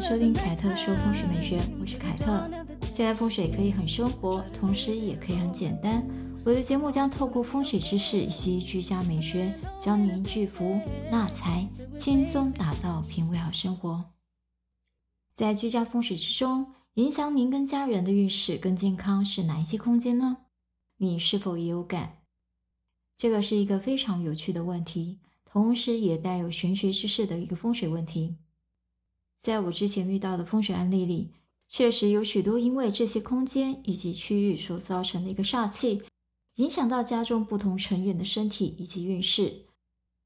收聽凱特說風水美學，我是凱特。現代風水可以很生活，同時也可以很簡單。我的節目將透過風水知識以及居家美學，教您聚福納財，輕鬆打造品味好生活。在居家風水之中，影響您跟家人的運勢跟健康是哪一些空間呢？你是否也有感？這個是一個非常有趣的問題，同時也帶有玄學知識的一個風水問題。在我之前遇到的風水案例裡，確實有許多因為這些空間以及區域所造成的一個煞氣，影響到家中不同成員的身體以及運勢。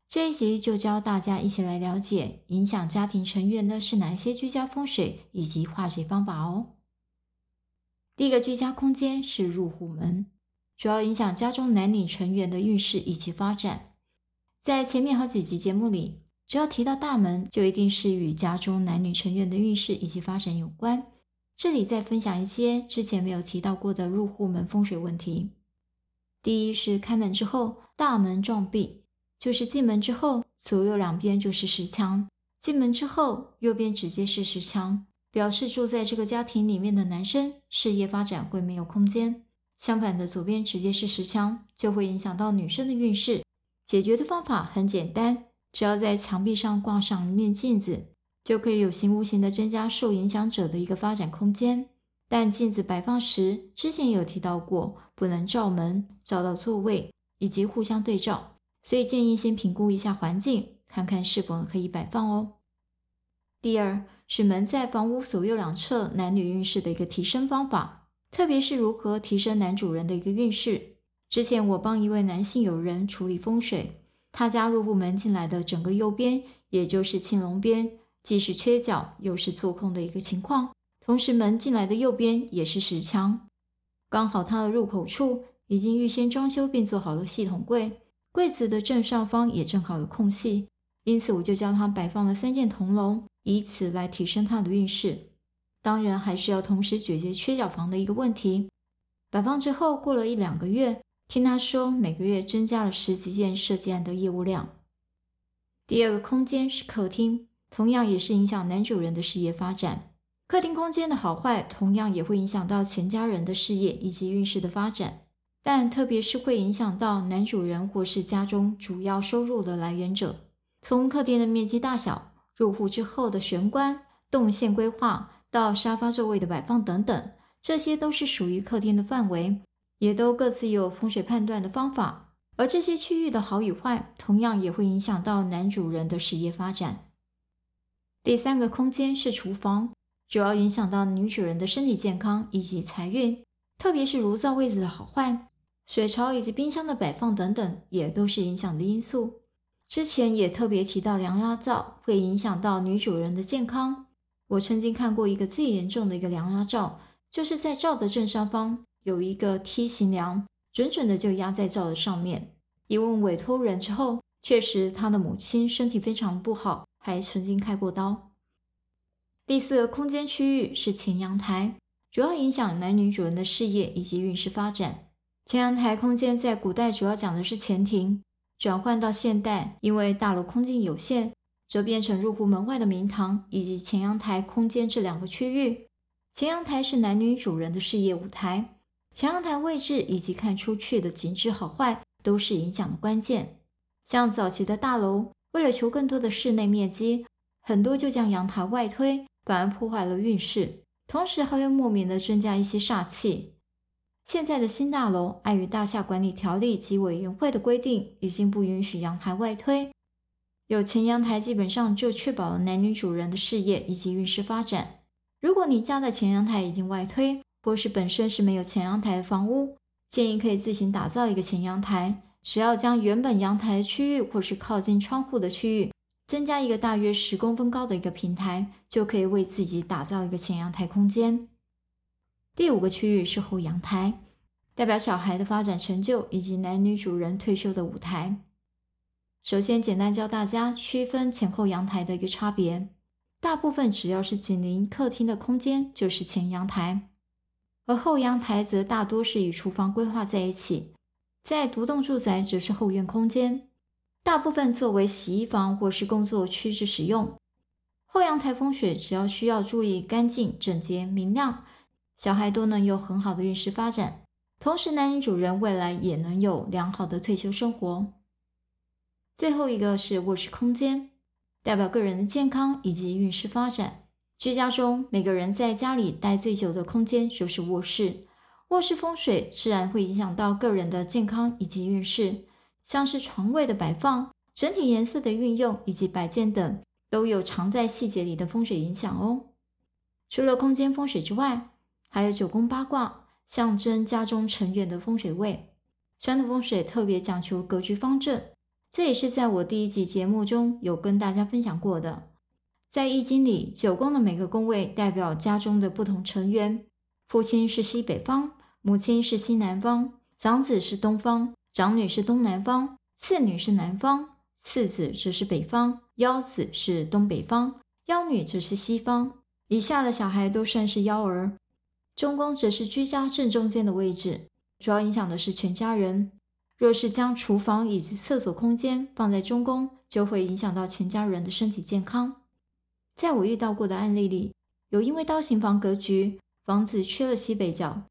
這一集就教大家一起來了解，影響家庭成員的是哪些居家風水以及化解方法哦。第一個居家空間是入戶門，主要影響家中男女成員的運勢以及發展。在前面好幾集節目裡。只要提到大門，就一定是與家中男女成員的運勢以及發展有關。這裡再分享一些之前沒有提到過的入戶門風水問題。第一是開門之後，大門撞壁，就是進門之後，左右兩邊就是實牆，進門之後右邊直接是實牆，表示住在這個家庭裡面的男生事業發展會沒有空間。相反的，左邊直接是實牆，就會影響到女生的運勢。解決的方法很簡單。只要在牆壁上掛上一面鏡子，就可以有形無形的增加受影響者的一個發展空間。但鏡子擺放時，之前有提到過，不能照門、照到座位以及互相對照，所以建議先評估一下環境，看看是否可以擺放哦。第二，是門在房屋左右兩側男女運勢的一個提升方法，特別是如何提升男主人的一個運勢。之前我幫一位男性友人處理風水。他家入戶門進來的整個右邊，也就是青龍邊，既是缺角，又是做空的一個情況。同時，門進來的右邊也是實牆，剛好他的入口處已經預先裝修並做好了系統櫃，櫃子的正上方也正好有空隙，因此我就將它擺放了三件銅龍，以此來提升他的運勢。當然，還需要同時解決缺、缺角房的一個問題。擺放之後，過了一兩個月。聽他說，每個月增加了十幾件設計案的業務量。第二個空間是客廳，同樣也是影響男主人的事業發展。客廳空間的好壞，同樣也會影響到全家人的事業以及運勢的發展，但特別是會影響到男主人或是家中主要收入的來源者。從客廳的面積大小、入戶之後的玄關、動線規劃，到沙發座位的擺放等等，這些都是屬於客廳的範圍。也都各自有風水判斷的方法，而這些區域的好與壞，同樣也會影響到男主人的事業發展。第三個空間是廚房，主要影響到女主人的身體健康以及財運，特別是爐灶位置的好壞、水槽以及冰箱的擺放等等，也都是影響的因素。之前也特別提到，梁壓灶會影響到女主人的健康。我曾經看過一個最嚴重的一個梁壓灶，就是在灶的正上方，有一個梯形梁，準準的就壓在灶的上面。一問委托人之後，確實他的母親身體非常不好，還曾經開過刀。第四個空間區域是前陽台，主要影響男女主人的事業以及運勢發展。前陽台空間在古代主要講的是前庭，轉換到現代，因為大樓空間有限，則變成入戶門外的明堂以及前陽台空間這兩個區域。前陽台是男女主人的事業舞台。前陽台位置以及看出去的景致好壞，都是影響的關鍵。像早期的大樓，為了求更多的室內面積，很多就將陽台外推，反而破壞了運勢，同時還會莫名的增加一些煞氣。現在的新大樓，礙於大廈管理條例及委員會的規定，已經不允許陽台外推。有前陽台，基本上就確保了男女主人的事業以及運勢發展。如果你家的前陽台已經外推，臥室本身是沒有前陽台的房屋，建議可以自行打造一個前陽台。只要將原本陽台的區域或是靠近窗戶的區域增加一個大約十公分高的一個平台，就可以為自己打造一個前陽台空間。第五個區域是後陽台，代表小孩的發展成就以及男女主人退休的舞台。首先，簡單教大家區分前後陽台的一個差別。大部分只要是緊鄰客廳的空間就是前陽台。而後陽台則大多是與廚房規劃在一起，在獨棟住宅則是後院空間，大部分作為洗衣房或是工作區域使用。後陽台風水只要需要注意乾淨、整潔、明亮，小孩都能有很好的運勢發展，同時男女主人未來也能有良好的退休生活。最後一個是臥室空間，代表個人的健康以及運勢發展。居家中，每個人在家裡待最久的空間就是臥室。臥室風水自然會影響到個人的健康以及運勢，像是床位的擺放、整體顏色的運用以及擺件等，都有藏在細節裡的風水影響哦。除了空間風水之外，還有九宮八卦，象徵家中成員的風水位。傳統風水特別講求格局方正，這也是在我第一集節目中有跟大家分享過的。在《易經》裡，九宮的每個宮位代表家中的不同成員。父親是西北方，母親是西南方，長子是東方，長女是東南方，次女是南方，次子則是北方，幺子是東北方，幺女則是西方。以下的小孩都算是幺兒。中宮則是居家正中間的位置，主要影響的是全家人。若是將廚房以及廁所空間放在中宮，就會影響到全家人的身體健康。在我遇到過的案例裡，有因為刀形房格局，房子，缺了西北角，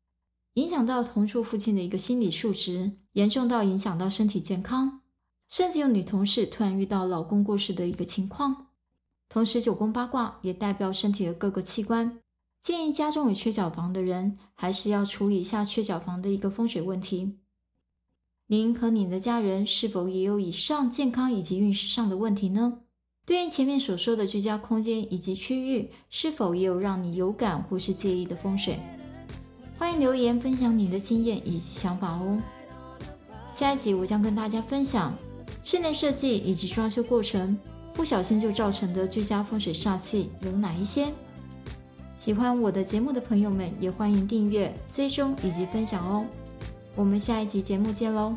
影響到同住父親的一個心理素質，嚴重到影響到身體健康，甚至有女同事突然遇到老公過世的一個情況。同時，九宮八卦也代表身體的各個器官，建議家中有缺角房的人，還是要處理一下缺角房的一個風水問題。您和您的家人是否也有以上健康以及運勢上的問題呢？對於前面所說的居家空間以及區域，是否也有讓你有感或是介意的風水？歡迎留言分享你的經驗以及想法哦。下一集我將跟大家分享室內設計以及裝修過程不小心就造成的居家風水煞氣有哪一些？喜歡我的節目的朋友們也歡迎訂閱、追蹤以及分享哦。我們下一集節目見嘍！